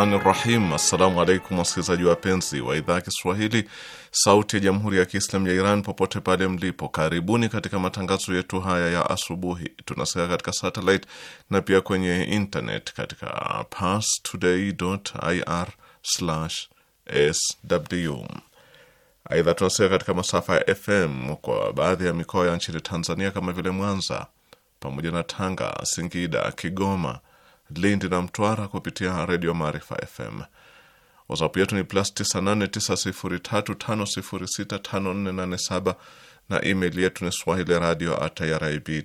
rahmani rahim. Assalamu alaikum wasikilizaji wapenzi wa idhaa ya Kiswahili sauti ya jamhuri ya Kiislamu ya Iran popote pale mlipo, karibuni katika matangazo yetu haya ya asubuhi. Tunasikia katika satellite na pia kwenye internet katika pastodayir sw Aidha, tunasikia katika masafa ya FM kwa baadhi ya mikoa ya nchini Tanzania kama vile Mwanza pamoja na Tanga, Singida, Kigoma Lindi na Mtwara kupitia Redio Maarifa FM. WhatsApp yetu ni plus 989035065487 na email yetu ni swahili radio at irib ir.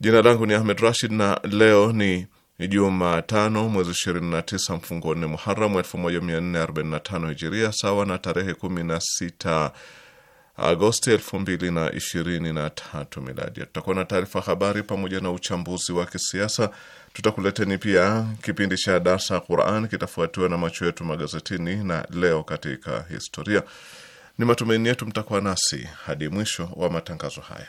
Jina langu ni Ahmed Rashid na leo ni Jumatano mwezi 29 mfungo nne Muharamu 1445 Hijiria sawa na tarehe 16 Agosti elfu mbili na ishirini na tatu miladi. Tutakuwa na taarifa habari pamoja na uchambuzi wa kisiasa. Tutakuleteni pia kipindi cha darsa Quran, kitafuatiwa na macho yetu magazetini na leo katika historia. Ni matumaini yetu mtakuwa nasi hadi mwisho wa matangazo haya.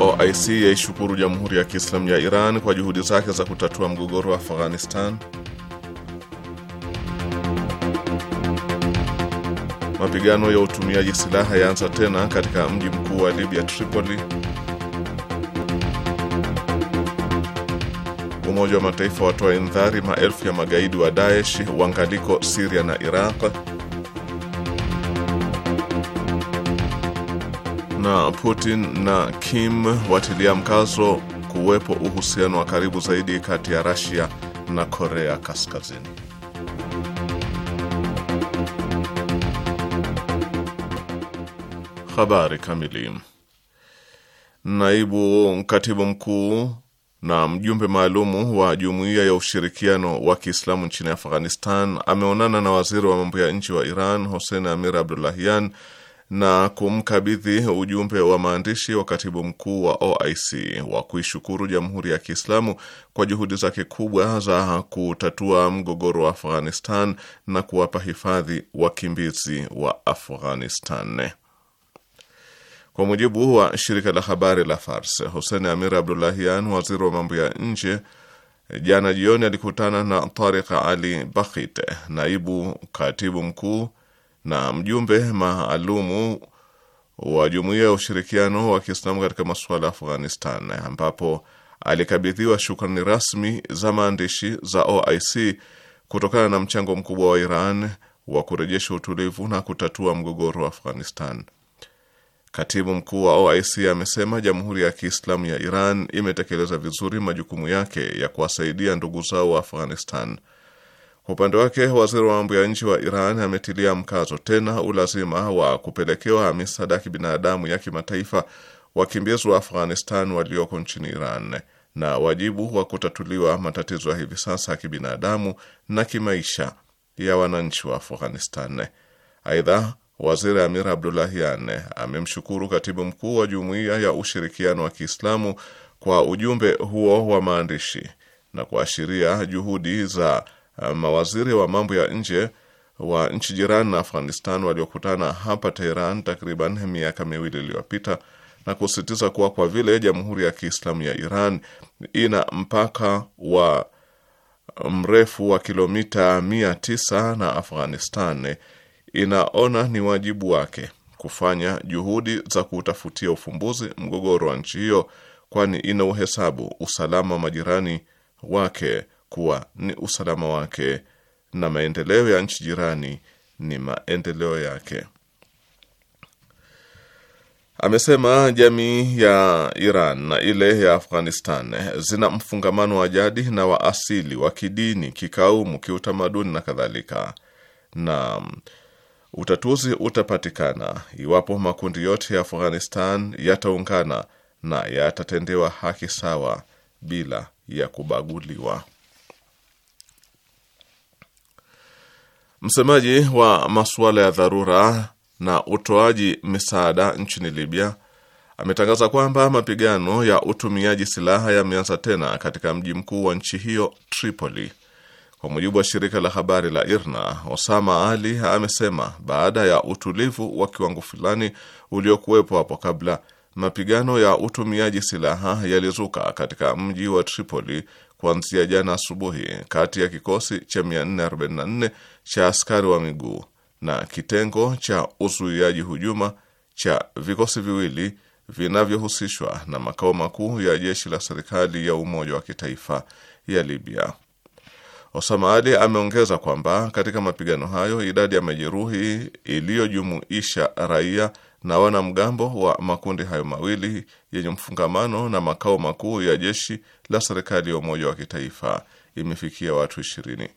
OIC yaishukuru Jamhuri ya Kiislamu ya Iran kwa juhudi zake za kutatua mgogoro wa Afghanistan. Mapigano ya utumiaji silaha yaanza tena katika mji mkuu wa Libya Tripoli. Umoja wa Mataifa watoa indhari maelfu ya magaidi wa Daesh wangaliko Syria na Iraq. na Putin na Kim watilia mkazo kuwepo uhusiano wa karibu zaidi kati ya Russia na Korea Kaskazini. Habari kamili. Naibu katibu mkuu na mjumbe maalumu wa Jumuiya ya Ushirikiano wa Kiislamu nchini Afghanistan ameonana na waziri wa mambo ya nchi wa Iran Hossein Amir Abdullahian na kumkabidhi ujumbe wa maandishi wa katibu mkuu wa OIC wa kuishukuru Jamhuri ya Kiislamu kwa juhudi zake kubwa za kutatua mgogoro wa Afghanistan na kuwapa hifadhi wakimbizi wa Afghanistan. Kwa mujibu wa shirika la habari la Fars, Hussein Amir Abdullahian, waziri wa mambo ya nje, jana jioni alikutana na Tariq Ali Bakhit, naibu katibu mkuu na mjumbe maalumu wa Jumuiya ya Ushirikiano wa Kiislamu katika masuala ya Afghanistan, ambapo alikabidhiwa shukrani rasmi za maandishi za OIC kutokana na mchango mkubwa wa Iran wa kurejesha utulivu na kutatua mgogoro wa Afghanistan. Katibu mkuu wa OIC amesema Jamhuri ya Kiislamu ya Iran imetekeleza vizuri majukumu yake ya kuwasaidia ndugu zao wa Afghanistan Upande wake waziri wa mambo ya nchi wa Iran ametilia mkazo tena ulazima wa kupelekewa misaada kibinadamu ya kimataifa wakimbizi wa Afghanistan walioko nchini Iran na wajibu wa kutatuliwa matatizo ya hivi sasa ya kibinadamu na kimaisha ya wananchi wa Afghanistan. Aidha, waziri Amir Abdulahian amemshukuru katibu mkuu wa Jumuiya ya Ushirikiano wa Kiislamu kwa ujumbe huo wa maandishi na kuashiria juhudi za Eh, mawaziri wa mambo ya nje wa nchi jirani na Afghanistan waliokutana hapa Teheran takriban miaka miwili iliyopita na kusisitiza kuwa kwa vile Jamhuri ya Kiislamu ya Iran ina mpaka wa mrefu wa kilomita mia tisa na Afghanistan, inaona ni wajibu wake kufanya juhudi za kutafutia ufumbuzi mgogoro wa nchi hiyo, kwani ina uhesabu usalama wa majirani wake kuwa ni usalama wake na maendeleo ya nchi jirani ni maendeleo yake. Amesema jamii ya Iran na ile ya Afghanistan zina mfungamano wa jadi na wa asili wa kidini, kikaumu, kiutamaduni na kadhalika, na utatuzi utapatikana iwapo makundi yote ya Afghanistan yataungana na yatatendewa haki sawa bila ya kubaguliwa. Msemaji wa masuala ya dharura na utoaji misaada nchini Libya ametangaza kwamba mapigano ya utumiaji silaha yameanza tena katika mji mkuu wa nchi hiyo Tripoli. Kwa mujibu wa shirika la habari la IRNA, Osama Ali amesema baada ya utulivu wa kiwango fulani uliokuwepo hapo kabla, mapigano ya utumiaji silaha yalizuka katika mji wa Tripoli kuanzia jana asubuhi kati ya kikosi cha 444 cha askari wa miguu na kitengo cha uzuiaji hujuma cha vikosi viwili vinavyohusishwa na makao makuu ya jeshi la serikali ya umoja wa kitaifa ya Libya. Osama Ali ameongeza kwamba katika mapigano hayo idadi ya majeruhi iliyojumuisha raia na wanamgambo wa makundi hayo mawili yenye mfungamano na makao makuu ya jeshi la serikali ya umoja wa kitaifa imefikia watu ishirini.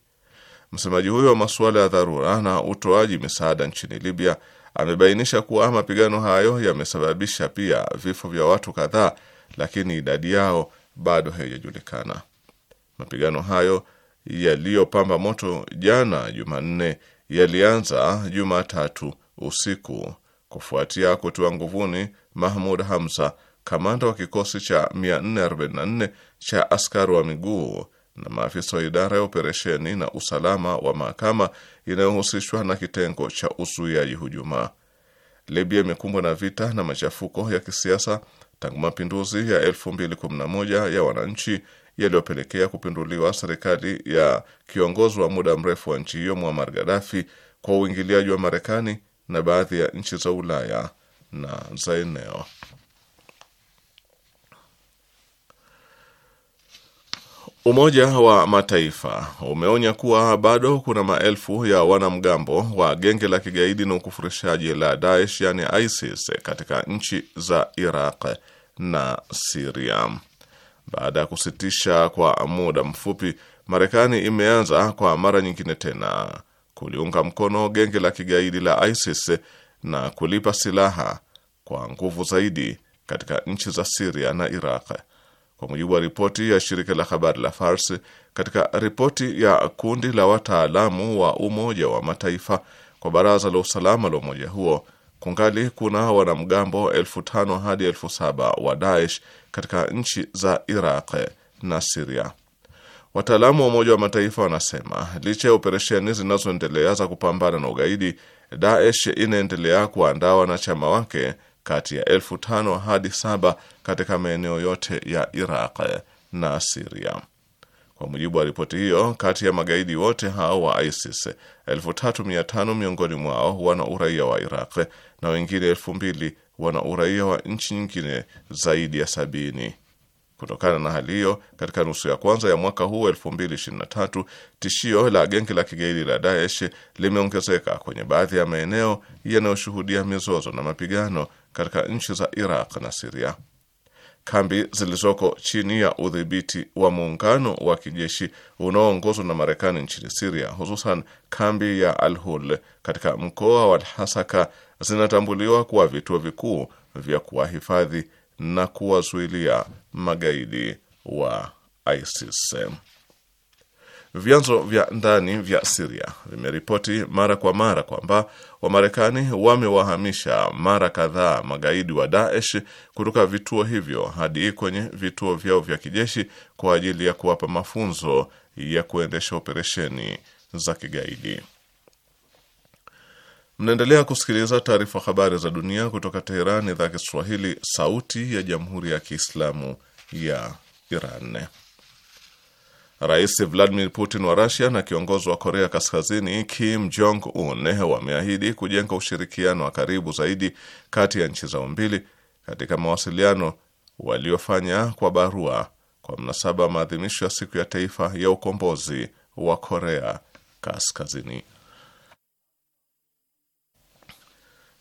Msemaji huyo wa masuala ya dharura na utoaji misaada nchini Libya amebainisha kuwa mapigano hayo yamesababisha pia vifo vya watu kadhaa, lakini idadi yao bado haijajulikana. Mapigano hayo yaliyopamba moto jana Jumanne yalianza Jumatatu usiku kufuatia kutiwa nguvuni Mahmud Hamza, kamanda wa kikosi cha 444 cha askari wa miguu na maafisa wa idara ya operesheni na usalama wa mahakama inayohusishwa na kitengo cha uzuiaji hujuma. Libya imekumbwa na vita na machafuko ya kisiasa tangu mapinduzi ya 2011 ya wananchi yaliyopelekea kupinduliwa serikali ya kiongozi wa muda mrefu wa nchi hiyo Muammar Gaddafi kwa uingiliaji wa Marekani, na baadhi ya nchi za Ulaya na za eneo. Umoja wa Mataifa umeonya kuwa bado kuna maelfu ya wanamgambo wa genge la kigaidi na ukufurishaji la Daesh yani ISIS katika nchi za Iraq na Siria. Baada ya kusitisha kwa muda mfupi, Marekani imeanza kwa mara nyingine tena kuliunga mkono genge la kigaidi la ISIS na kulipa silaha kwa nguvu zaidi katika nchi za Siria na Iraq. Kwa mujibu wa ripoti ya shirika la habari la Fars, katika ripoti ya kundi la wataalamu wa Umoja wa Mataifa kwa Baraza la Usalama la umoja huo, kungali kuna wanamgambo elfu tano hadi elfu saba wa Daesh katika nchi za Iraq na Siria. Wataalamu wa Umoja wa Mataifa wanasema licha ya operesheni zinazoendelea za kupambana na ugaidi, Daesh inaendelea kuandaa wanachama wake kati ya elfu tano hadi saba katika maeneo yote ya Iraq na Siria. Kwa mujibu wa ripoti hiyo, kati ya magaidi wote hao wa ISIS tano miongoni mwao wana uraia wa Iraq na wengine mbili wana uraia wa nchi nyingine zaidi ya sabini Kutokana na hali hiyo, katika nusu ya kwanza ya mwaka huu 2023 tishio la genge la kigaidi la Daesh limeongezeka kwenye baadhi ya maeneo yanayoshuhudia mizozo na mapigano katika nchi za Iraq na Siria. Kambi zilizoko chini ya udhibiti wa muungano wa kijeshi unaoongozwa na Marekani nchini Siria, hususan kambi ya Al-Hul katika mkoa wa lhasaka zinatambuliwa kuwa vituo vikuu vya kuwahifadhi na kuwazuilia magaidi wa ISIS. Vyanzo vya ndani vya Siria vimeripoti mara kwa mara kwamba Wamarekani wamewahamisha mara kadhaa magaidi wa Daesh kutoka vituo hivyo hadi kwenye vituo vyao vya kijeshi kwa ajili ya kuwapa mafunzo ya kuendesha operesheni za kigaidi. Mnaendelea kusikiliza taarifa habari za dunia kutoka Teheran, idhaa ya Kiswahili, sauti ya jamhuri ya kiislamu ya Iran. Rais Vladimir Putin wa Rusia na kiongozi wa Korea Kaskazini Kim Jong Un wameahidi kujenga ushirikiano wa karibu zaidi kati ya nchi zao mbili katika mawasiliano waliofanya kwa barua kwa mnasaba maadhimisho ya siku ya taifa ya ukombozi wa Korea Kaskazini.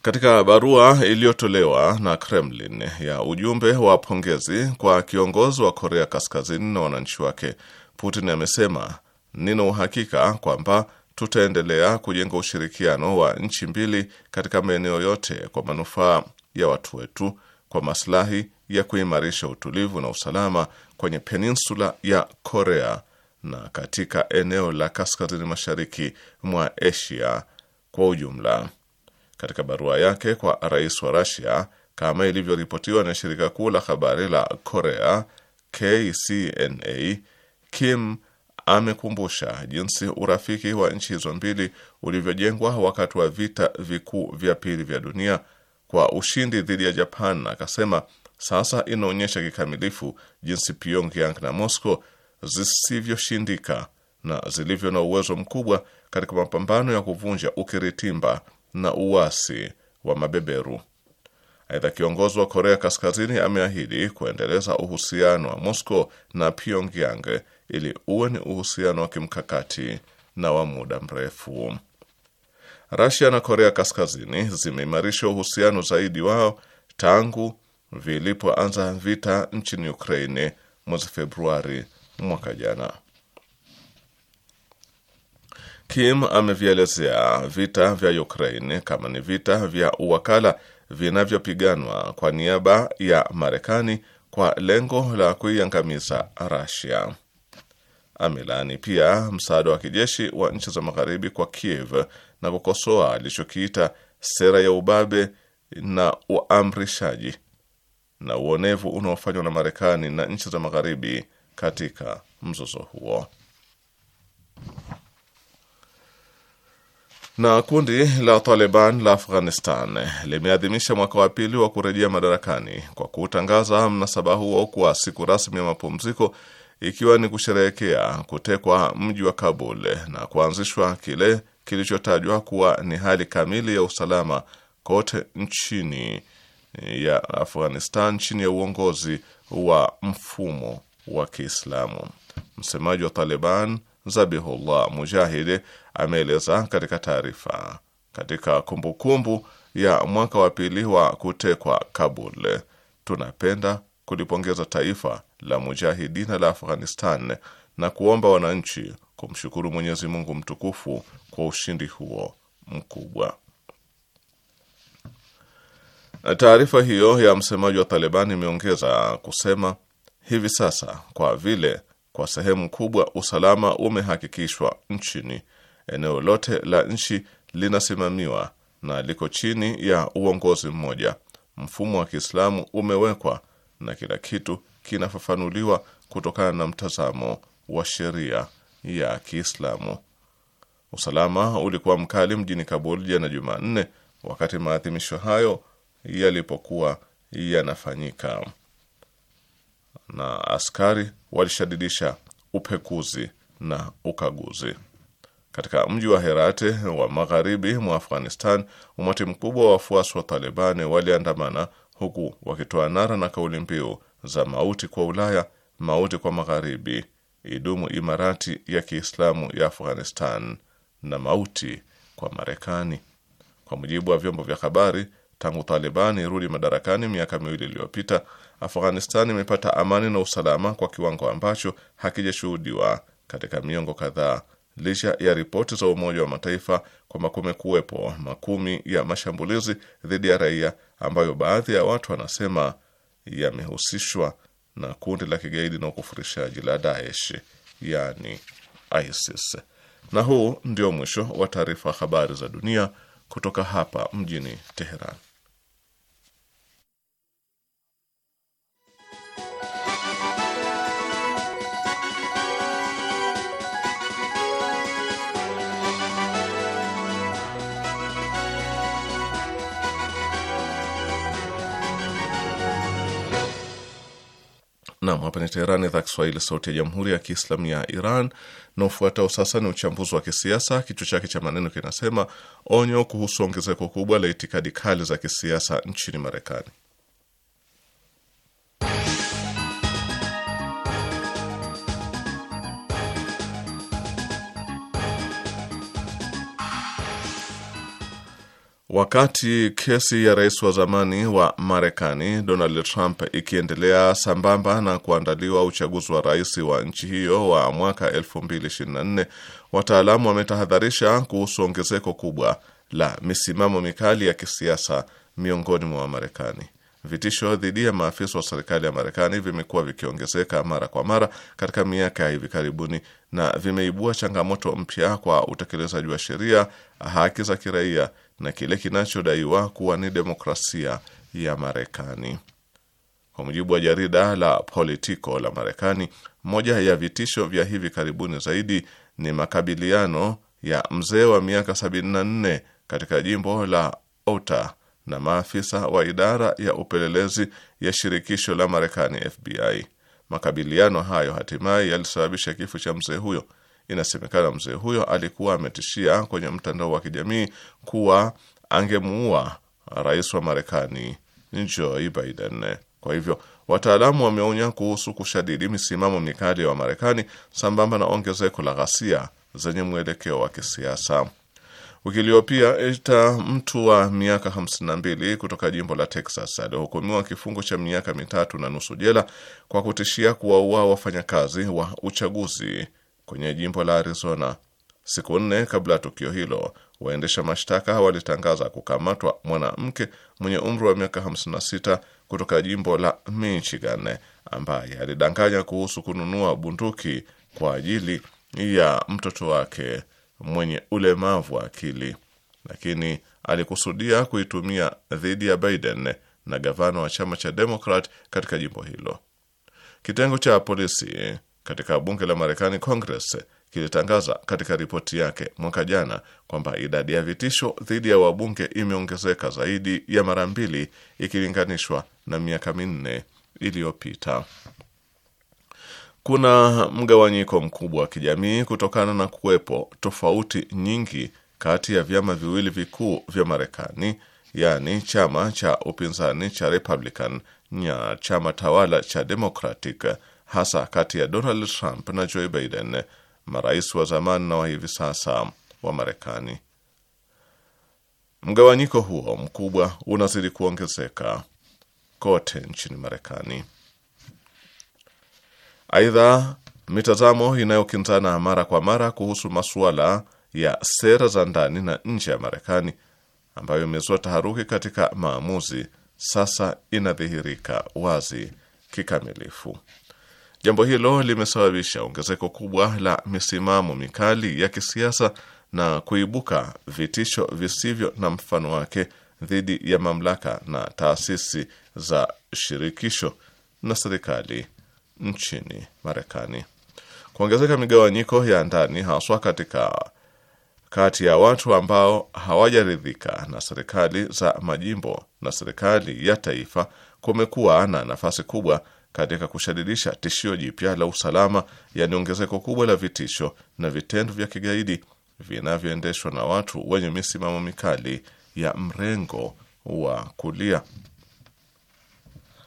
Katika barua iliyotolewa na Kremlin ya ujumbe wa pongezi kwa kiongozi wa Korea Kaskazini na wananchi wake, Putin amesema nina uhakika kwamba tutaendelea kujenga ushirikiano wa nchi mbili katika maeneo yote kwa manufaa ya watu wetu kwa maslahi ya kuimarisha utulivu na usalama kwenye peninsula ya Korea na katika eneo la kaskazini mashariki mwa Asia kwa ujumla. Katika barua yake kwa rais wa Rasia, kama ilivyoripotiwa na shirika kuu la habari la Korea KCNA, Kim amekumbusha jinsi urafiki wa nchi hizo mbili ulivyojengwa wakati wa vita vikuu vya pili vya dunia kwa ushindi dhidi ya Japan, na akasema sasa inaonyesha kikamilifu jinsi Pyongyang na Moscow zisivyoshindika na zilivyo na uwezo mkubwa katika mapambano ya kuvunja ukiritimba na uasi wa mabeberu. Aidha, kiongozi wa Korea Kaskazini ameahidi kuendeleza uhusiano wa Moscow na Pyongyang ili uwe ni uhusiano wa kimkakati na wa muda mrefu. Rasia na Korea Kaskazini zimeimarisha uhusiano zaidi wao tangu vilipoanza vita nchini Ukraine mwezi Februari mwaka jana. Kim amevielezea vita vya Ukraine kama ni vita vya uwakala vinavyopiganwa kwa niaba ya Marekani kwa lengo la kuiangamiza Russia. Amelaani pia msaada wa kijeshi wa nchi za magharibi kwa Kiev na kukosoa alichokiita sera ya ubabe na uamrishaji na uonevu unaofanywa na Marekani na nchi za magharibi katika mzozo huo. Na kundi la Taliban la Afghanistan limeadhimisha mwaka wa pili wa kurejea madarakani kwa kutangaza mnasaba huo kuwa siku rasmi ya mapumziko, ikiwa ni kusherehekea kutekwa mji wa Kabul na kuanzishwa kile kilichotajwa kuwa ni hali kamili ya usalama kote nchini ya Afghanistan chini ya uongozi wa mfumo wa Kiislamu. Msemaji wa Taliban Zabihullah Mujahidi ameeleza katika taarifa katika kumbukumbu -kumbu ya mwaka wa pili wa kutekwa Kabul, tunapenda kulipongeza taifa la mujahidina la Afghanistan na kuomba wananchi kumshukuru Mwenyezi Mungu mtukufu kwa ushindi huo mkubwa. Taarifa hiyo ya msemaji wa Taliban imeongeza kusema hivi sasa, kwa vile kwa sehemu kubwa usalama umehakikishwa nchini. Eneo lote la nchi linasimamiwa na liko chini ya uongozi mmoja. Mfumo wa Kiislamu umewekwa na kila kitu kinafafanuliwa kutokana na mtazamo wa sheria ya Kiislamu. Usalama ulikuwa mkali mjini Kabul jana Jumanne, wakati maadhimisho hayo yalipokuwa yanafanyika na askari walishadidisha upekuzi na ukaguzi katika mji wa Herate wa magharibi mwa Afghanistan. Umati mkubwa wa wafuasi wa Talibani waliandamana huku wakitoa nara na kauli mbiu za mauti kwa Ulaya, mauti kwa magharibi, idumu Imarati ya Kiislamu ya Afghanistan na mauti kwa Marekani. Kwa mujibu wa vyombo vya habari, tangu Talibani irudi madarakani miaka miwili iliyopita Afghanistan imepata amani na usalama kwa kiwango ambacho hakijashuhudiwa katika miongo kadhaa, licha ya ripoti za Umoja wa Mataifa kwamba kumekuwepo makumi ya mashambulizi dhidi ya raia ambayo baadhi ya watu wanasema yamehusishwa na kundi la kigaidi na ukufurishaji la Daesh, yani ISIS. Na huu ndio mwisho wa taarifa habari za dunia kutoka hapa mjini Teheran. Naam, hapa ni Teherani, idhaa Kiswahili, sauti ya jamhuri ya kiislamu ya Iran. Na ufuatao sasa ni uchambuzi wa kisiasa, kichwa chake cha maneno kinasema onyo kuhusu ongezeko kubwa la itikadi kali za kisiasa nchini Marekani. Wakati kesi ya rais wa zamani wa Marekani Donald Trump ikiendelea sambamba na kuandaliwa uchaguzi wa rais wa nchi hiyo wa mwaka 2024, wataalamu wametahadharisha kuhusu ongezeko kubwa la misimamo mikali ya kisiasa miongoni mwa Wamarekani. Vitisho dhidi ya maafisa wa serikali ya Marekani vimekuwa vikiongezeka mara kwa mara katika miaka ya hivi karibuni na vimeibua changamoto mpya kwa utekelezaji wa sheria, haki za kiraia na kile kinachodaiwa kuwa ni demokrasia ya Marekani. Kwa mujibu wa jarida la Politico la Marekani, moja ya vitisho vya hivi karibuni zaidi ni makabiliano ya mzee wa miaka 74 katika jimbo la Utah na maafisa wa idara ya upelelezi ya shirikisho la Marekani FBI. Makabiliano hayo hatimaye yalisababisha kifo cha mzee huyo. Inasemekana mzee huyo alikuwa ametishia kwenye mtandao wa kijamii kuwa angemuua rais wa Marekani Joe Biden. Kwa hivyo wataalamu wameonya kuhusu kushadidi misimamo mikali ya Wamarekani sambamba na ongezeko la ghasia zenye mwelekeo wa kisiasa. Wiki iliyopita Esta, mtu wa miaka 52 kutoka jimbo la Texas, alihukumiwa kifungo cha miaka mitatu na nusu jela kwa kutishia kuwaua wafanyakazi wa uchaguzi kwenye jimbo la Arizona. Siku nne kabla ya tukio hilo, waendesha mashtaka walitangaza kukamatwa mwanamke mwenye umri wa miaka 56 kutoka jimbo la Michigan ambaye alidanganya kuhusu kununua bunduki kwa ajili ya mtoto wake mwenye ulemavu wa akili, lakini alikusudia kuitumia dhidi ya Biden na gavana wa chama cha Demokrat katika jimbo hilo. Kitengo cha polisi katika bunge la Marekani, Congress, kilitangaza katika ripoti yake mwaka jana kwamba idadi ya vitisho dhidi ya wabunge imeongezeka zaidi ya mara mbili ikilinganishwa na miaka minne iliyopita kuna mgawanyiko mkubwa wa kijamii kutokana na kuwepo tofauti nyingi kati ya vyama viwili vikuu vya Marekani, yaani chama cha upinzani cha Republican na chama tawala cha Democratic, hasa kati ya Donald Trump na Joe Biden, marais wa zamani na wa hivi sasa wa Marekani. Mgawanyiko huo mkubwa unazidi kuongezeka kote nchini Marekani. Aidha, mitazamo inayokinzana mara kwa mara kuhusu masuala ya sera za ndani na nje ya Marekani ambayo imezua taharuki katika maamuzi sasa inadhihirika wazi kikamilifu. Jambo hilo limesababisha ongezeko kubwa la misimamo mikali ya kisiasa na kuibuka vitisho visivyo na mfano wake dhidi ya mamlaka na taasisi za shirikisho na serikali nchini Marekani. Kuongezeka migawanyiko ya ndani haswa katika kati ya watu ambao hawajaridhika na serikali za majimbo na serikali ya taifa kumekuwa na nafasi kubwa katika kushadidisha tishio jipya la usalama, yaani ongezeko kubwa la vitisho na vitendo vya kigaidi vinavyoendeshwa na watu wenye misimamo mikali ya mrengo wa kulia.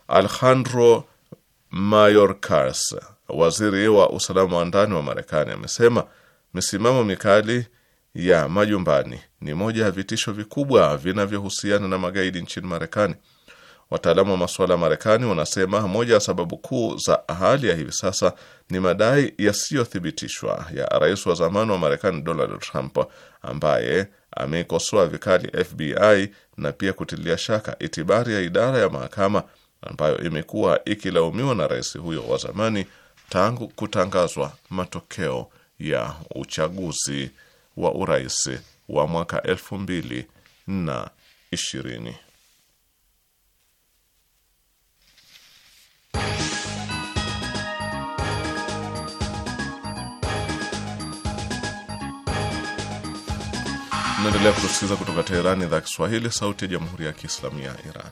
Alejandro Mayorkas, waziri wa usalama wa ndani wa Marekani, amesema misimamo mikali ya majumbani ni moja ya vitisho vikubwa vinavyohusiana na magaidi nchini Marekani. Wataalamu wa masuala ya Marekani wanasema moja ya sababu kuu za hali ya hivi sasa ni madai yasiyothibitishwa ya rais wa zamani wa Marekani Donald Trump, ambaye ameikosoa vikali FBI na pia kutilia shaka itibari ya idara ya mahakama ambayo imekuwa ikilaumiwa na rais huyo wa zamani tangu kutangazwa matokeo ya uchaguzi wa urais wa mwaka elfu mbili na ishirini. Naendelea kutusikiza kutoka Teherani, idhaa Kiswahili, sauti ya jamhuri ya kiislamu ya Iran.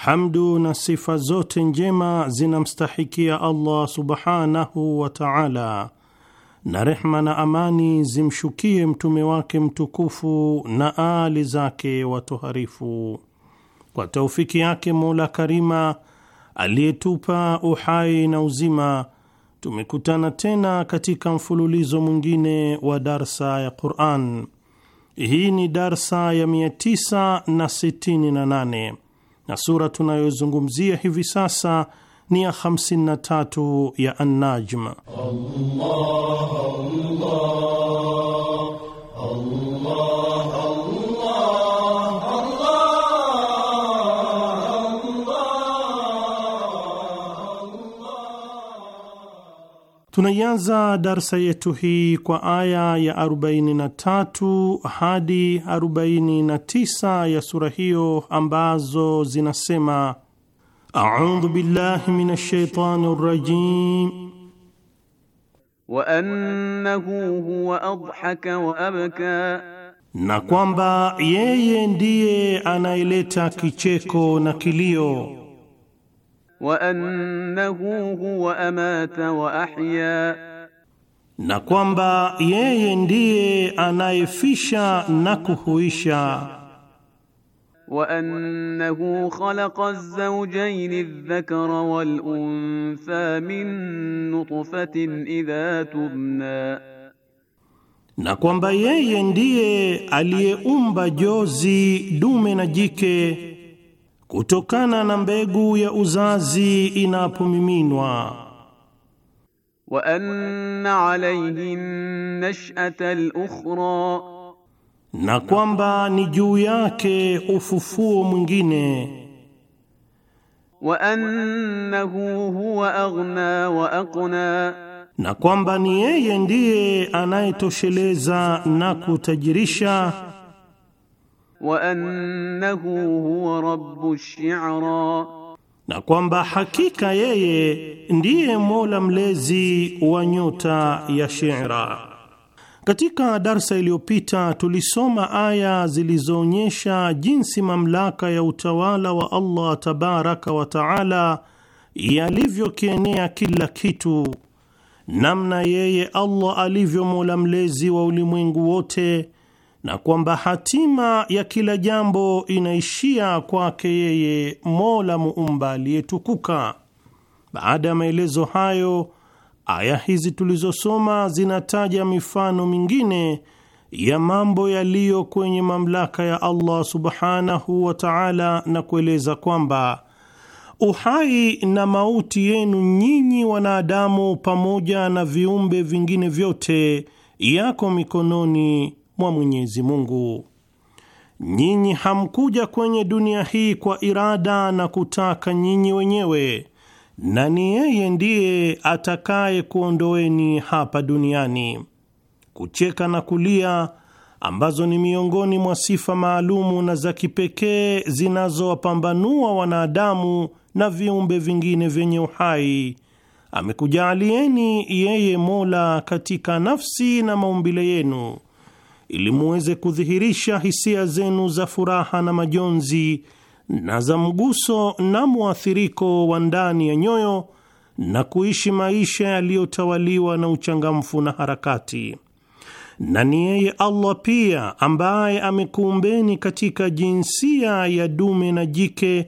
Hamdu na sifa zote njema zinamstahikia Allah subhanahu wa ta'ala, na rehma na amani zimshukie mtume wake mtukufu na aali zake watoharifu. Kwa taufiki yake Mola Karima aliyetupa uhai na uzima, tumekutana tena katika mfululizo mwingine wa darsa ya Qur'an. Hii ni darsa ya 968 na sura tunayozungumzia hivi sasa ni ya 53 ya An-Najm. Allah, Allah. Tunaianza darsa yetu hii kwa aya ya 43 hadi 49 ya sura hiyo ambazo zinasema: audhu billahi min shaitani rajim wa annahu huwa adhaka wa abka, na kwamba yeye ndiye anayeleta kicheko na kilio wa annahu huwa amata wa ahya, na kwamba yeye ndiye anayefisha na kuhuisha. Wa annahu khalaqa az-zawjayn adh-dhakara wal-untha min nutfatin idha tubna na kwamba yeye ndiye aliyeumba jozi dume na jike kutokana na mbegu ya uzazi inapomiminwa. wa anna alayhi nash'ata al-ukhra, na kwamba ni juu yake ufufuo mwingine. wa annahu huwa aghna wa aqna, na kwamba ni yeye ndiye anayetosheleza na kutajirisha wa annahu huwa rabbu shi'ra, na kwamba hakika yeye ndiye Mola mlezi wa nyota ya Shira. Katika darsa iliyopita tulisoma aya zilizoonyesha jinsi mamlaka ya utawala wa Allah tabaraka wa taala yalivyokienea kila kitu, namna yeye Allah alivyo Mola mlezi wa ulimwengu wote na kwamba hatima ya kila jambo inaishia kwake yeye Mola muumba aliyetukuka. Baada ya maelezo hayo, aya hizi tulizosoma zinataja mifano mingine ya mambo yaliyo kwenye mamlaka ya Allah subhanahu wa ta'ala, na kueleza kwamba uhai na mauti yenu nyinyi wanadamu pamoja na viumbe vingine vyote yako mikononi mwa Mwenyezi Mungu. Nyinyi hamkuja kwenye dunia hii kwa irada na kutaka nyinyi wenyewe, na ni yeye ndiye atakaye kuondoeni hapa duniani. Kucheka na kulia ambazo ni miongoni mwa sifa maalumu na za kipekee zinazowapambanua wanadamu na viumbe vingine vyenye uhai, amekujaalieni yeye Mola katika nafsi na maumbile yenu ili muweze kudhihirisha hisia zenu za furaha na majonzi na za mguso na mwathiriko wa ndani ya nyoyo na kuishi maisha yaliyotawaliwa na uchangamfu na harakati. Na ni yeye Allah pia ambaye amekuumbeni katika jinsia ya dume na jike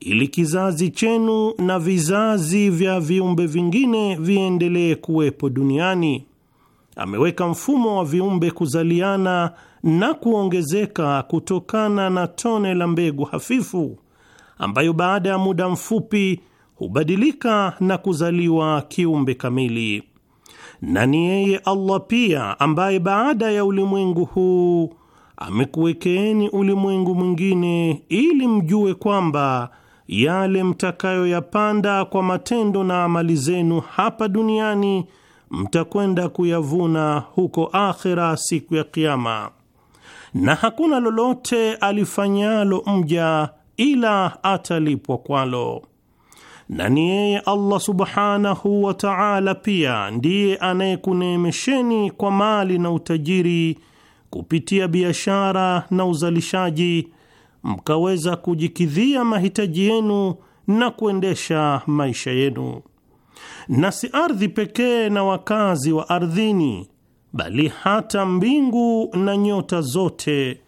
ili kizazi chenu na vizazi vya viumbe vingine viendelee kuwepo duniani ameweka mfumo wa viumbe kuzaliana na kuongezeka kutokana na tone la mbegu hafifu ambayo baada ya muda mfupi hubadilika na kuzaliwa kiumbe kamili, na ni yeye Allah pia ambaye baada ya ulimwengu huu amekuwekeeni ulimwengu mwingine ili mjue kwamba yale mtakayoyapanda kwa matendo na amali zenu hapa duniani mtakwenda kuyavuna huko akhera siku ya Kiama, na hakuna lolote alifanyalo mja ila atalipwa kwalo, na ni yeye Allah subhanahu wa ta'ala pia ndiye anayekuneemesheni kwa mali na utajiri kupitia biashara na uzalishaji, mkaweza kujikidhia mahitaji yenu na kuendesha maisha yenu na si ardhi pekee na wakazi wa ardhini, bali hata mbingu na nyota zote,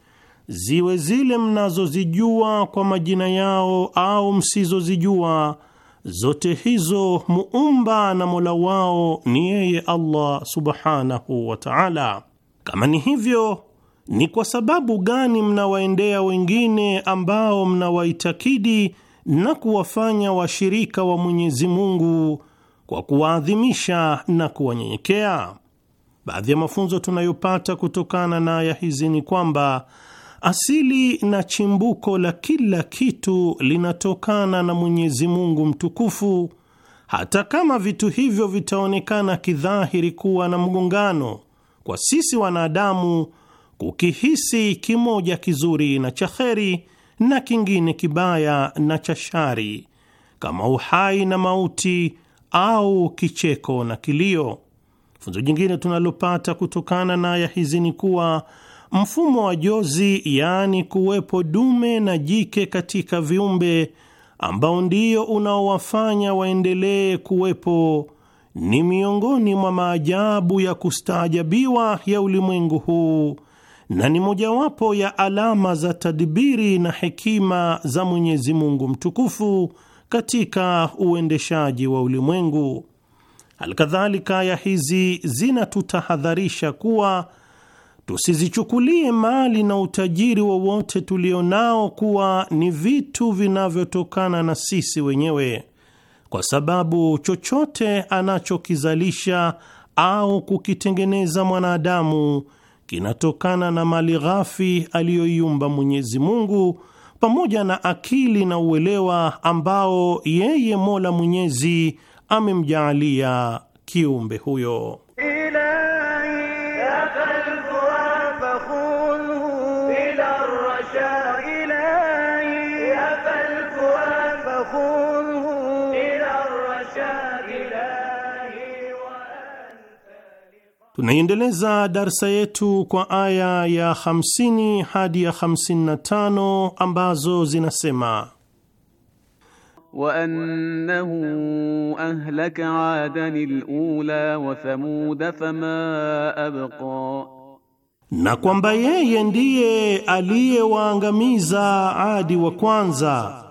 ziwe zile mnazozijua kwa majina yao au msizozijua, zote hizo muumba na mola wao ni yeye Allah subhanahu wa ta'ala. Kama ni hivyo, ni kwa sababu gani mnawaendea wengine ambao mnawaitakidi na kuwafanya washirika wa Mwenyezi Mungu kwa kuwaadhimisha na kuwanyenyekea? Baadhi ya mafunzo tunayopata kutokana na aya hizi ni kwamba asili na chimbuko la kila kitu linatokana na Mwenyezi Mungu mtukufu, hata kama vitu hivyo vitaonekana kidhahiri kuwa na mgongano. Kwa sisi wanadamu kukihisi kimoja kizuri na cha kheri na kingine kibaya na cha shari, kama uhai na mauti, au kicheko na kilio. Funzo jingine tunalopata kutokana na aya hizi ni kuwa mfumo wa jozi, yaani kuwepo dume na jike katika viumbe, ambao ndio unaowafanya waendelee kuwepo, ni miongoni mwa maajabu ya kustaajabiwa ya ulimwengu huu na ni mojawapo ya alama za tadbiri na hekima za Mwenyezi Mungu mtukufu katika uendeshaji wa ulimwengu. Alkadhalika, aya hizi zinatutahadharisha kuwa tusizichukulie mali na utajiri wowote tulio nao kuwa ni vitu vinavyotokana na sisi wenyewe, kwa sababu chochote anachokizalisha au kukitengeneza mwanadamu kinatokana na mali ghafi aliyoiumba Mwenyezi Mungu pamoja na akili na uelewa ambao yeye Mola Mwenyezi amemjaalia kiumbe huyo Tunaiendeleza darsa yetu kwa aya ya 50 hadi ya 55 ambazo zinasema: wa annahu ahlaka adan alula wa thamud fama abqa, na kwamba yeye ndiye aliyewaangamiza Adi wa kwanza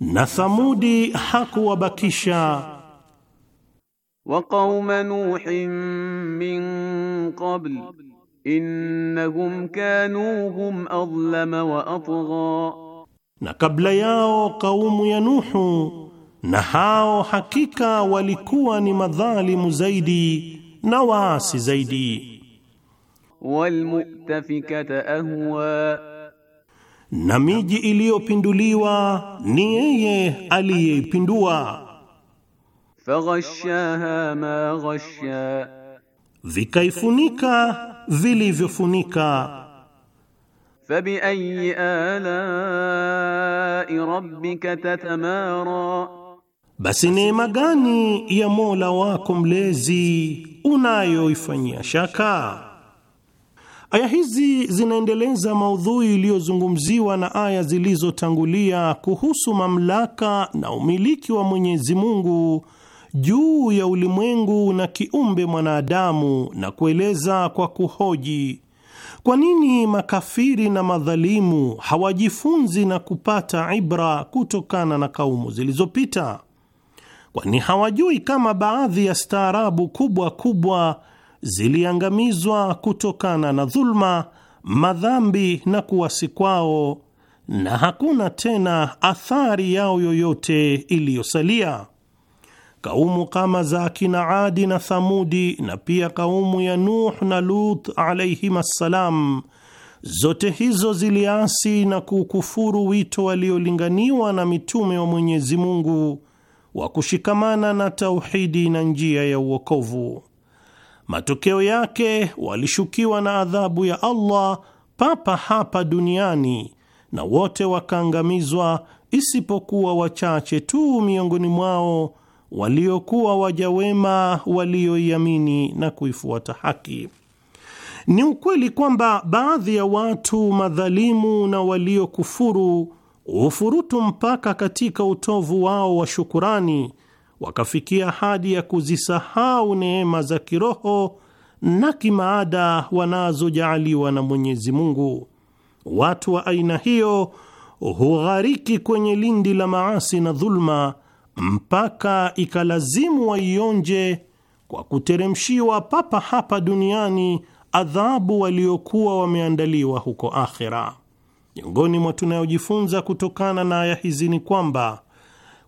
na Thamudi hakuwabakisha wa qauma nuhin min qabl innahum kanu hum adhlama wa atgha, na kabla yao kaumu ya Nuhu, na hao hakika walikuwa ni madhalimu zaidi na waasi zaidi. Walmutafikata ahwa, na miji iliyopinduliwa ni yeye aliyeipindua. Faghashaha ma ghasha, vikaifunika vilivyofunika. Fabi ayi alai rabbika tatamara, basi neema gani ya Mola wako mlezi unayoifanyia shaka? Aya hizi zinaendeleza maudhui iliyozungumziwa na aya zilizotangulia kuhusu mamlaka na umiliki wa Mwenyezi Mungu juu ya ulimwengu na kiumbe mwanadamu na kueleza kwa kuhoji, kwa nini makafiri na madhalimu hawajifunzi na kupata ibra kutokana na kaumu zilizopita? Kwani hawajui kama baadhi ya staarabu kubwa kubwa ziliangamizwa kutokana na dhulma, madhambi na kuwasi kwao, na hakuna tena athari yao yoyote iliyosalia kaumu kama za akina Adi na Thamudi na pia kaumu ya Nuh na Lut alayhim assalam, zote hizo ziliasi na kuukufuru wito waliolinganiwa na mitume wa Mwenyezi Mungu wa kushikamana na tauhidi na njia ya uokovu. Matokeo yake walishukiwa na adhabu ya Allah papa hapa duniani na wote wakaangamizwa isipokuwa wachache tu miongoni mwao waliokuwa waja wema walioiamini na kuifuata haki. Ni ukweli kwamba baadhi ya watu madhalimu na waliokufuru hufurutu mpaka katika utovu wao wa shukurani, wakafikia hadi ya kuzisahau neema za kiroho na kimaada wanazojaaliwa na Mwenyezi Mungu. Watu wa aina hiyo hughariki kwenye lindi la maasi na dhulma mpaka ikalazimu waionje kwa kuteremshiwa papa hapa duniani adhabu waliokuwa wameandaliwa huko akhera. Miongoni mwa tunayojifunza kutokana na aya hizi ni kwamba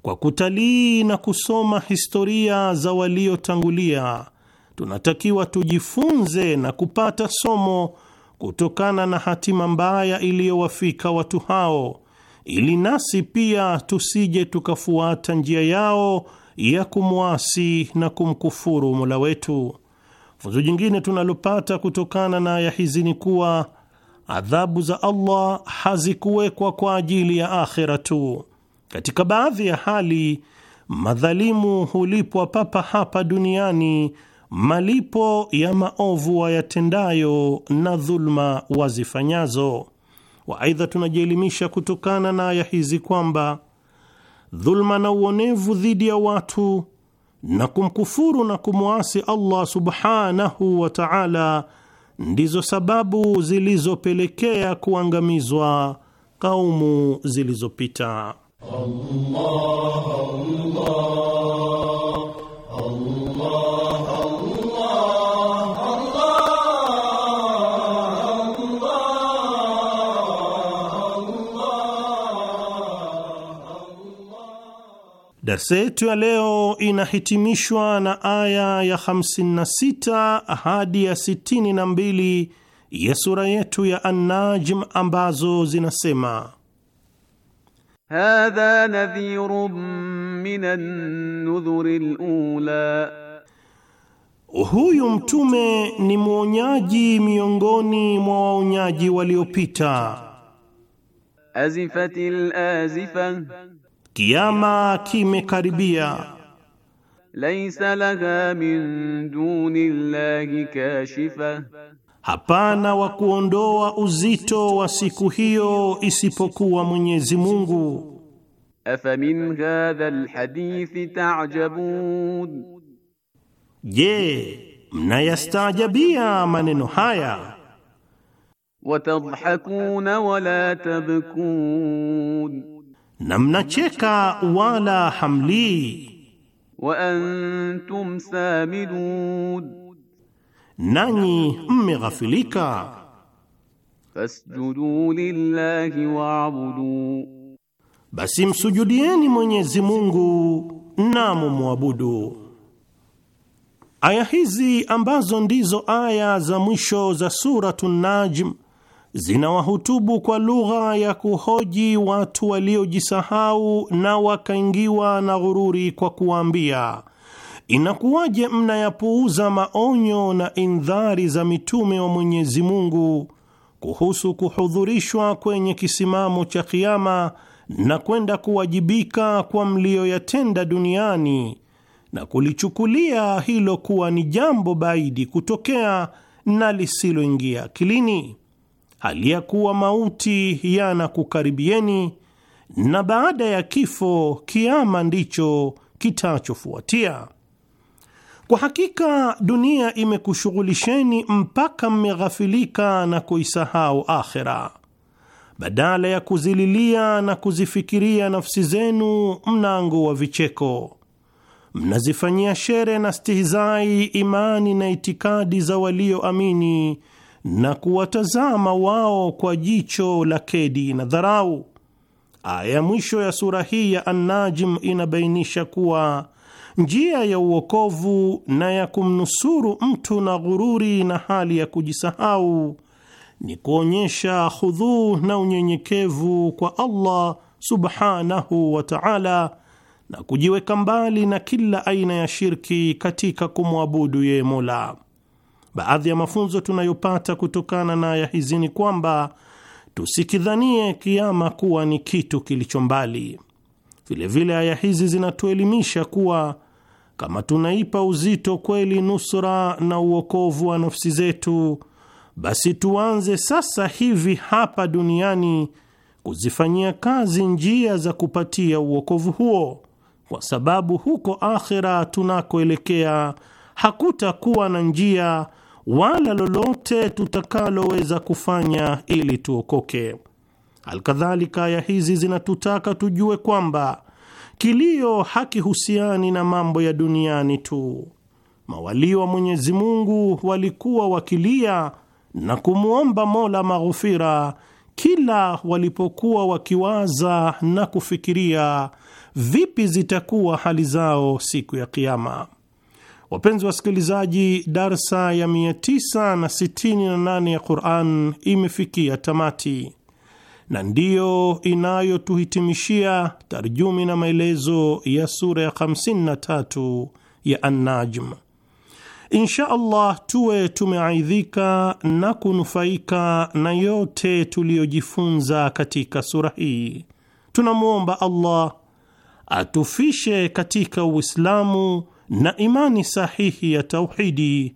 kwa kutalii na kusoma historia za waliotangulia, tunatakiwa tujifunze na kupata somo kutokana na hatima mbaya iliyowafika watu hao ili nasi pia tusije tukafuata njia yao ya kumwasi na kumkufuru Mola wetu. Funzo jingine tunalopata kutokana na aya hizi ni kuwa adhabu za Allah hazikuwekwa kwa ajili ya akhera tu. Katika baadhi ya hali, madhalimu hulipwa papa hapa duniani malipo ya maovu wayatendayo na dhuluma wazifanyazo wa aidha, tunajielimisha kutokana na aya hizi kwamba dhulma na uonevu dhidi ya watu na kumkufuru na kumwasi Allah subhanahu wa ta'ala ndizo sababu zilizopelekea kuangamizwa kaumu zilizopita Allah. Darsa yetu ya leo inahitimishwa na aya ya 56 hadi ya 62 ya sura yetu ya An-Najm ambazo zinasema: hadha nadhirun minan al ula, huyu mtume ni mwonyaji miongoni mwa waonyaji waliopita. azifatil azifa Kiama kimekaribia. Laisa laha min duni llahi kashifa, hapana wa kuondoa uzito wa siku hiyo isipokuwa Mwenyezi Mungu. Afa min hadha alhadith taajabun, je, mnayastaajabia maneno haya? Watadhakuna wala tabkun na mnacheka wala hamlii. Wa antum samidun, nanyi mmeghafilika. Fasjudu lillahi wa'budu, basi msujudieni Mwenyezi Mungu na mumwabudu. Aya hizi ambazo ndizo aya za mwisho za Suratu Najm zinawahutubu kwa lugha ya kuhoji watu waliojisahau na wakaingiwa na ghururi kwa kuwaambia, inakuwaje mnayapuuza maonyo na indhari za mitume wa Mwenyezi Mungu kuhusu kuhudhurishwa kwenye kisimamo cha Kiama na kwenda kuwajibika kwa mliyoyatenda duniani na kulichukulia hilo kuwa ni jambo baidi kutokea na lisiloingia akilini hali ya kuwa mauti yanakukaribieni na baada ya kifo kiama ndicho kitachofuatia. Kwa hakika dunia imekushughulisheni mpaka mmeghafilika na kuisahau akhera. Badala ya kuzililia na kuzifikiria nafsi zenu, mnango wa vicheko, mnazifanyia shere na stihizai imani na itikadi za walioamini na kuwatazama wao kwa jicho la kedi na dharau. Aya ya mwisho ya sura hii ya Annajim inabainisha kuwa njia ya uokovu na ya kumnusuru mtu na ghururi na hali ya kujisahau ni kuonyesha hudhuu na unyenyekevu kwa Allah subhanahu wa ta'ala, na kujiweka mbali na kila aina ya shirki katika kumwabudu yeye Mola. Baadhi ya mafunzo tunayopata kutokana na aya hizi ni kwamba tusikidhanie kiama kuwa ni kitu kilicho mbali. Vilevile aya hizi zinatuelimisha kuwa kama tunaipa uzito kweli nusra na uokovu wa nafsi zetu, basi tuanze sasa hivi hapa duniani kuzifanyia kazi njia za kupatia uokovu huo, kwa sababu huko akhera tunakoelekea hakutakuwa na njia wala lolote tutakaloweza kufanya ili tuokoke. Alkadhalika, aya hizi zinatutaka tujue kwamba kilio hakihusiani na mambo ya duniani tu. Mawalio wa Mwenyezi Mungu walikuwa wakilia na kumwomba Mola maghufira kila walipokuwa wakiwaza na kufikiria vipi zitakuwa hali zao siku ya Kiama. Wapenzi wasikilizaji, darsa ya 968 ya Quran imefikia tamati na ndiyo inayotuhitimishia tarjumi na maelezo ya sura ya 53 ya An-Najm. Insha Allah tuwe tumeaidhika na kunufaika na yote tuliyojifunza katika sura hii. Tunamwomba Allah atufishe katika Uislamu na imani sahihi ya tauhidi,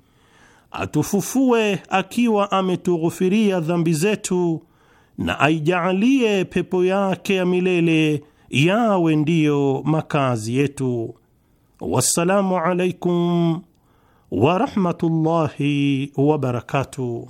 atufufue akiwa ametughufiria dhambi zetu na aijaalie pepo yake ya milele yawe ndiyo makazi yetu. Wassalamu alaikum warahmatullahi wabarakatuh.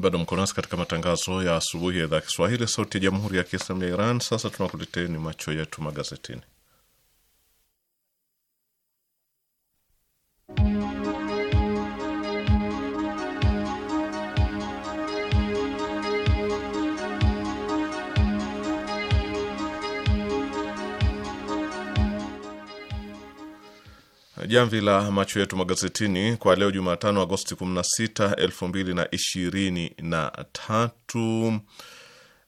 bado mko nasi katika matangazo ya asubuhi ya idhaa ya Kiswahili, sauti ya jamhuri ya kiislamu ya Iran. Sasa tunakuleteni macho yetu magazetini. jamvi la macho yetu magazetini kwa leo Jumatano, Agosti 16, 2023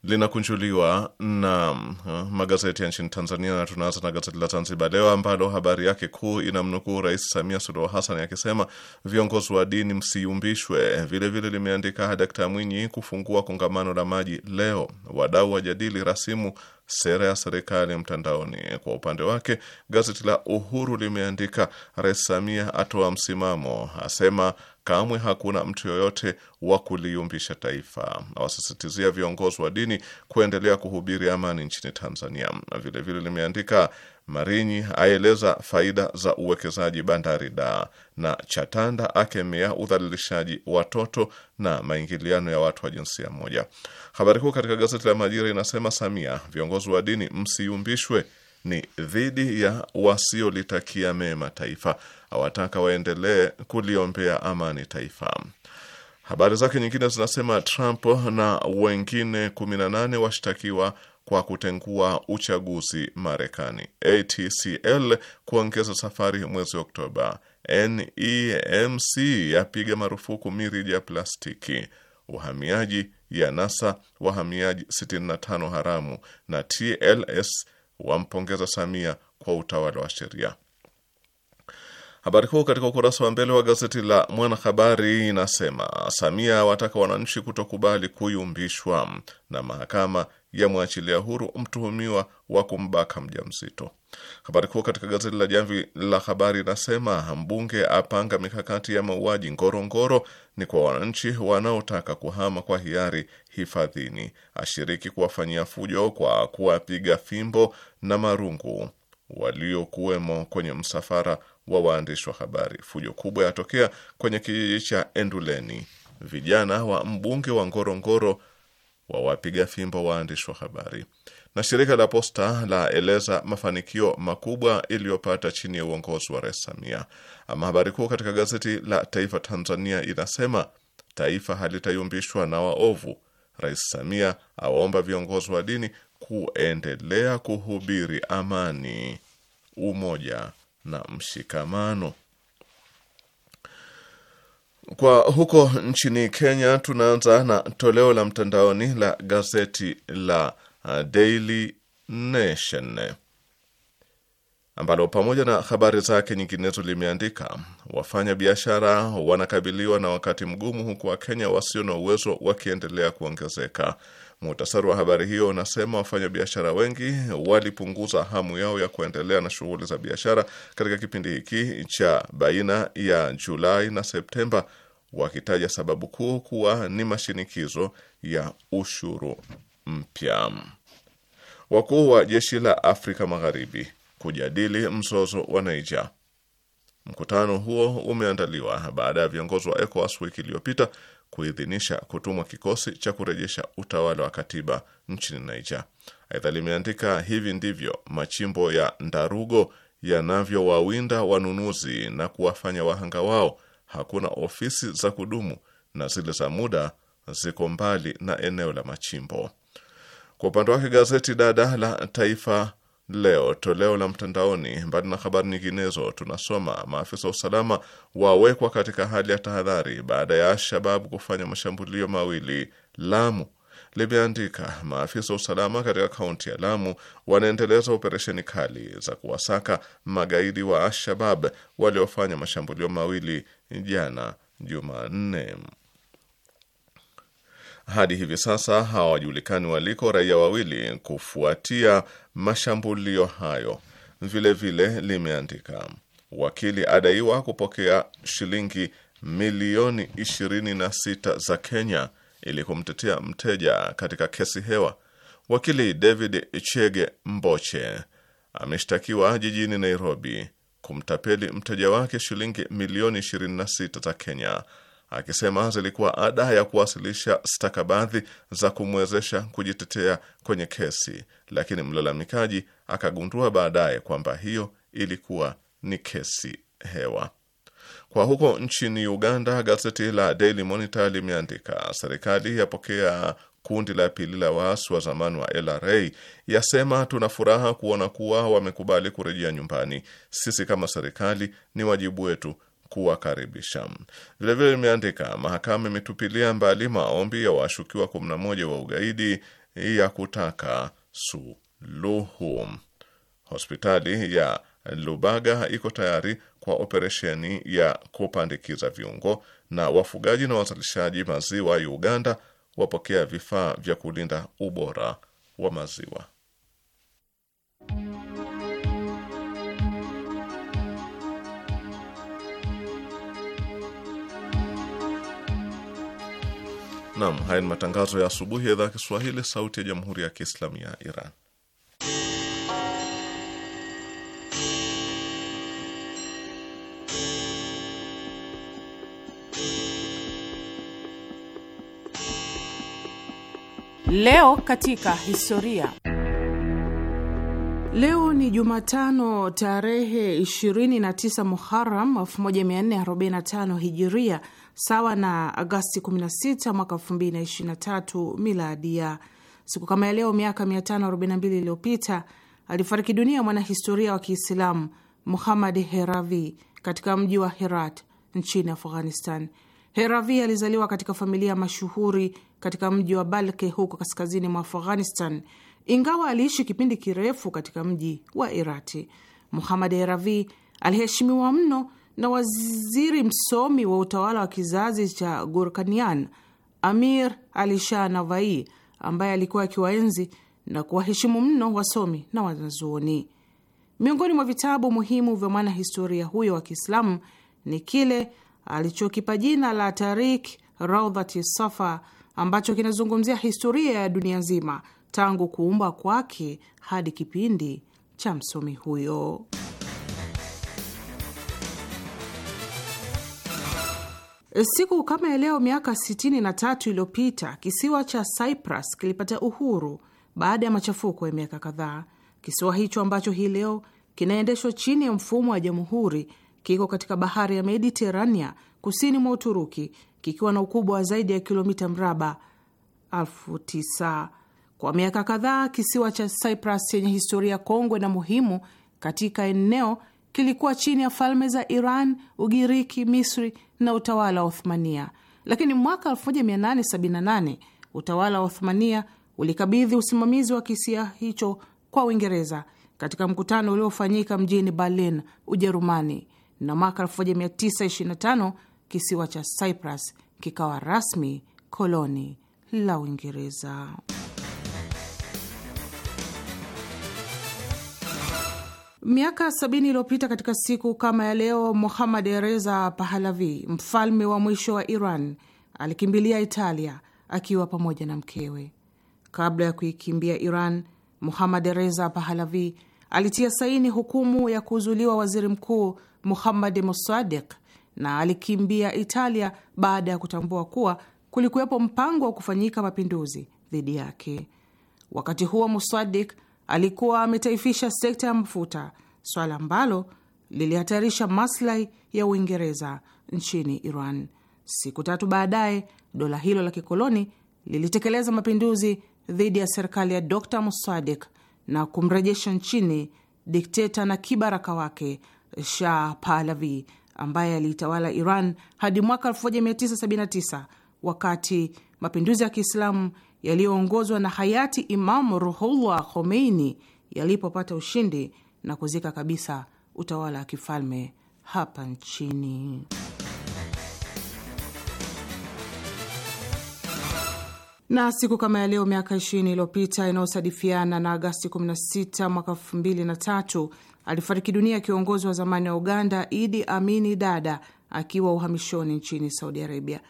linakunjuliwa na uh, magazeti ya nchini Tanzania, na tunaanza na gazeti la Zanzibar Leo ambalo habari yake kuu inamnukuu Rais Samia Suluhu Hassan akisema viongozi wa dini msiyumbishwe. Vilevile limeandika Dkt Mwinyi kufungua kongamano la maji leo, wadau wajadili rasimu sera ya serikali mtandaoni. Kwa upande wake gazeti la Uhuru limeandika Rais Samia atoa msimamo, asema Kamwe hakuna mtu yoyote wa kuliumbisha taifa. Awasisitizia viongozi wa dini kuendelea kuhubiri amani nchini Tanzania. Vilevile vile limeandika Marinyi aeleza faida za uwekezaji bandari da na Chatanda akemea udhalilishaji watoto na maingiliano ya watu wa jinsia moja. Habari kuu katika gazeti la Majira inasema Samia, viongozi wa dini msiyumbishwe ni dhidi ya wasiolitakia mema taifa, awataka waendelee kuliombea amani taifa. Habari zake nyingine zinasema Trump na wengine 18 washtakiwa kwa kutengua uchaguzi Marekani, ATCL kuongeza safari mwezi Oktoba, NEMC yapiga marufuku mirija ya plastiki, uhamiaji ya nasa wahamiaji 65 haramu na TLS wampongeza Samia kwa utawala wa sheria. Habari kuu katika ukurasa wa mbele wa gazeti la Mwanahabari inasema Samia awataka wananchi kutokubali kuyumbishwa, na mahakama yamwachilia huru mtuhumiwa wa kumbaka mjamzito. Habari kuu katika gazeti la Jamvi la Habari inasema mbunge apanga mikakati ya mauaji Ngorongoro ni kwa wananchi wanaotaka kuhama kwa hiari hifadhini, ashiriki kuwafanyia fujo kwa kuwapiga fimbo na marungu waliokuwemo kwenye msafara wa waandishi wa habari. Fujo kubwa yatokea kwenye kijiji cha Enduleni. Vijana wa mbunge wa Ngorongoro wa wapiga fimbo waandishi wa habari. Na shirika la posta laeleza mafanikio makubwa iliyopata chini ya uongozi wa Rais Samia. Ama habari kuu katika gazeti la Taifa Tanzania inasema taifa halitayumbishwa na waovu. Rais Samia awaomba viongozi wa dini kuendelea kuhubiri amani, umoja na mshikamano. Kwa huko nchini Kenya, tunaanza na toleo la mtandaoni la gazeti la uh, Daily Nation ambalo pamoja na habari zake nyinginezo limeandika wafanya biashara wanakabiliwa na wakati mgumu, huku Wakenya wasio na uwezo wakiendelea kuongezeka. Muhtasari wa habari hiyo unasema wafanyabiashara wengi walipunguza hamu yao ya kuendelea na shughuli za biashara katika kipindi hiki cha baina ya Julai na Septemba, wakitaja sababu kuu kuwa ni mashinikizo ya ushuru mpya. Wakuu wa jeshi la Afrika Magharibi kujadili mzozo wa Niger. Mkutano huo umeandaliwa baada ya viongozi wa ECOWAS wiki iliyopita kuidhinisha kutumwa kikosi cha kurejesha utawala wa katiba nchini Niger. Aidha limeandika hivi ndivyo machimbo ya Ndarugo yanavyowawinda wanunuzi na kuwafanya wahanga wao. Hakuna ofisi za kudumu na zile za muda ziko mbali na eneo la machimbo. Kwa upande wake gazeti dada la Taifa Leo toleo la mtandaoni, mbali na habari nyinginezo, tunasoma maafisa wa usalama wawekwa katika hali ya tahadhari baada ya al shabab kufanya mashambulio mawili Lamu. Limeandika maafisa wa usalama katika kaunti ya Lamu wanaendeleza operesheni kali za kuwasaka magaidi wa al waliofanya mashambulio mawili jana Jumanne. Hadi hivi sasa hawajulikani waliko raia wawili kufuatia mashambulio hayo. Vilevile limeandika wakili adaiwa kupokea shilingi milioni 26 za Kenya ili kumtetea mteja katika kesi hewa. Wakili David Chege Mboche ameshtakiwa jijini Nairobi kumtapeli mteja wake shilingi milioni 26 za Kenya akisema zilikuwa ada ya kuwasilisha stakabadhi za kumwezesha kujitetea kwenye kesi, lakini mlalamikaji akagundua baadaye kwamba hiyo ilikuwa ni kesi hewa. Kwa huko nchini Uganda, gazeti la Daily Monitor limeandika serikali yapokea kundi la pili la waasi wa zamani wa LRA, yasema tuna furaha kuona kuwa wamekubali kurejea nyumbani. Sisi kama serikali, ni wajibu wetu kuwakaribisha. Vilevile imeandika mahakama imetupilia mbali maombi ya washukiwa 11 wa ugaidi ya kutaka suluhu. Hospitali ya Lubaga iko tayari kwa operesheni ya kupandikiza viungo, na wafugaji na wazalishaji maziwa Uganda wapokea vifaa vya kulinda ubora wa maziwa. Naam, haya ni matangazo ya asubuhi ya idhaa ya Kiswahili, sauti ya jamhuri ya kiislamu ya Iran. Leo katika historia. Leo ni Jumatano tarehe 29 Muharam 1445 Hijiria sawa na Agasti 16 mwaka 2023 miladia. Siku kama ya leo miaka 542 iliyopita alifariki dunia mwanahistoria wa Kiislamu Muhammad Heravi katika mji wa Herat nchini Afghanistan. Heravi alizaliwa katika familia mashuhuri katika mji wa Balke huko kaskazini mwa Afghanistan, ingawa aliishi kipindi kirefu katika mji wa Irati. Muhammad Heravi aliheshimiwa mno na waziri msomi wa utawala wa kizazi cha Gurkanian Amir Ali Shah Navai, ambaye alikuwa akiwaenzi na kuwaheshimu mno wasomi na wanazuoni. Miongoni mwa vitabu muhimu vya mwanahistoria huyo wa Kiislamu ni kile alichokipa jina la Tarik Raudhati Safa ambacho kinazungumzia historia ya dunia nzima tangu kuumba kwake hadi kipindi cha msomi huyo. Siku kama ya leo miaka 63 iliyopita kisiwa cha Cyprus kilipata uhuru baada ya machafuko ya miaka kadhaa. Kisiwa hicho ambacho hii leo kinaendeshwa chini ya mfumo wa jamhuri kiko katika bahari ya Mediterania kusini mwa Uturuki, kikiwa na ukubwa wa zaidi ya kilomita mraba elfu tisa. Kwa miaka kadhaa, kisiwa cha Cyprus chenye historia kongwe na muhimu katika eneo kilikuwa chini ya falme za Iran, Ugiriki, Misri na utawala wa Othmania, lakini mwaka 1878 utawala wa Othmania ulikabidhi usimamizi wa kisia hicho kwa Uingereza katika mkutano uliofanyika mjini Berlin, Ujerumani, na mwaka 1925 kisiwa cha Cyprus kikawa rasmi koloni la Uingereza. Miaka sabini iliyopita katika siku kama ya leo, Muhammad Reza Pahalavi, mfalme wa mwisho wa Iran, alikimbilia Italia akiwa pamoja na mkewe. Kabla ya kuikimbia Iran, Muhammad Reza Pahalavi alitia saini hukumu ya kuuzuliwa waziri mkuu Muhammad Musadik na alikimbia Italia baada ya kutambua kuwa kulikuwepo mpango wa kufanyika mapinduzi dhidi yake. Wakati huo Musadik alikuwa ametaifisha sekta ya mafuta, swala ambalo lilihatarisha maslahi ya Uingereza nchini Iran. Siku tatu baadaye, dola hilo la kikoloni lilitekeleza mapinduzi dhidi ya serikali ya Dr Musadik na kumrejesha nchini dikteta na kibaraka wake Shah Pahlavi ambaye aliitawala Iran hadi mwaka 1979 wakati mapinduzi ya Kiislamu yaliyoongozwa na hayati Imamu Ruhullah Khomeini yalipopata ushindi na kuzika kabisa utawala wa kifalme hapa nchini. na siku kama ya leo miaka 20 iliyopita inayosadifiana na Agasti 16 mwaka 2003 alifariki dunia kiongozi wa zamani wa Uganda Idi Amini Dada akiwa uhamishoni nchini Saudi Arabia.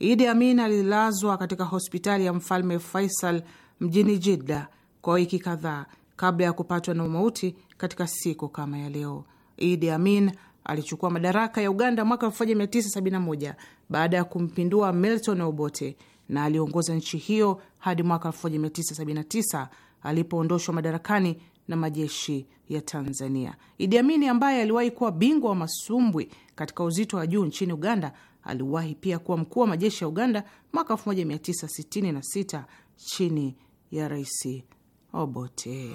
Idi Amin alilazwa katika hospitali ya mfalme Faisal mjini Jidda kwa wiki kadhaa kabla ya kupatwa na umauti katika siku kama ya leo. Idi Amin alichukua madaraka ya Uganda mwaka 1971 baada ya kumpindua Milton Obote na aliongoza nchi hiyo hadi mwaka 1979 alipoondoshwa madarakani na majeshi ya Tanzania. Idi amin ambaye aliwahi kuwa bingwa wa masumbwi katika uzito wa juu nchini Uganda Aliwahi pia kuwa mkuu wa majeshi ya Uganda mwaka 1966 chini ya Rais Obote.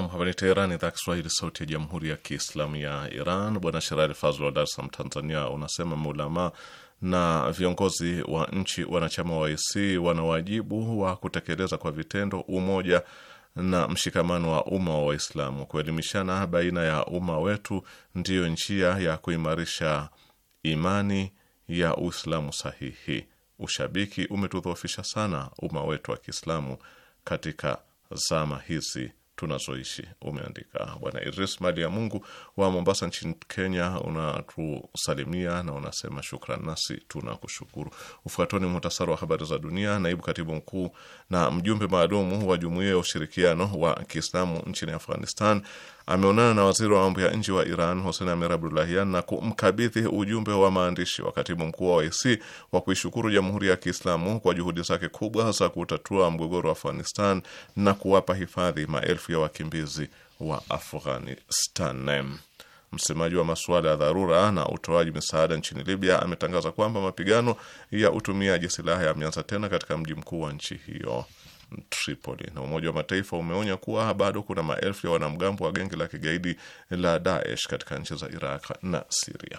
Nam, hapa ni Teherani, idhaa Kiswahili, sauti ya jamhuri ya kiislamu ya Iran. Bwana Sherali Fazl wa Dar es Salaam, Tanzania, unasema maulamaa na viongozi wa nchi wanachama wa EC wana wajibu wa kutekeleza kwa vitendo umoja na mshikamano wa umma wa Waislamu. Kuelimishana baina ya umma wetu ndiyo njia ya kuimarisha imani ya Uislamu sahihi. Ushabiki umetudhoofisha sana umma wetu wa Kiislamu katika zama hizi tunazoishi, umeandika Bwana Idris Mali ya Mungu wa Mombasa nchini Kenya. Unatusalimia na unasema shukran, nasi tunakushukuru. Ufuatoni muhtasari wa habari za dunia. Naibu katibu mkuu na mjumbe maalumu wa Jumuiya ya Ushirikiano wa Kiislamu nchini Afghanistan ameonana na waziri wa mambo ya nje wa Iran Hossein Amir Abdullahian na kumkabidhi ujumbe wa maandishi wa katibu mkuu wa OIC wa kuishukuru Jamhuri ya Kiislamu kwa juhudi zake kubwa za kutatua mgogoro wa Afghanistan na kuwapa hifadhi maelfu ya wakimbizi wa Afghanistan. Msemaji wa masuala ya dharura na utoaji misaada nchini Libya ametangaza kwamba mapigano ya utumiaji silaha yameanza tena katika mji mkuu wa nchi hiyo. Tripoli. Na Umoja wa Mataifa umeonya kuwa bado kuna maelfu ya wanamgambo wa genge la kigaidi la Daesh katika nchi za Iraq na Siria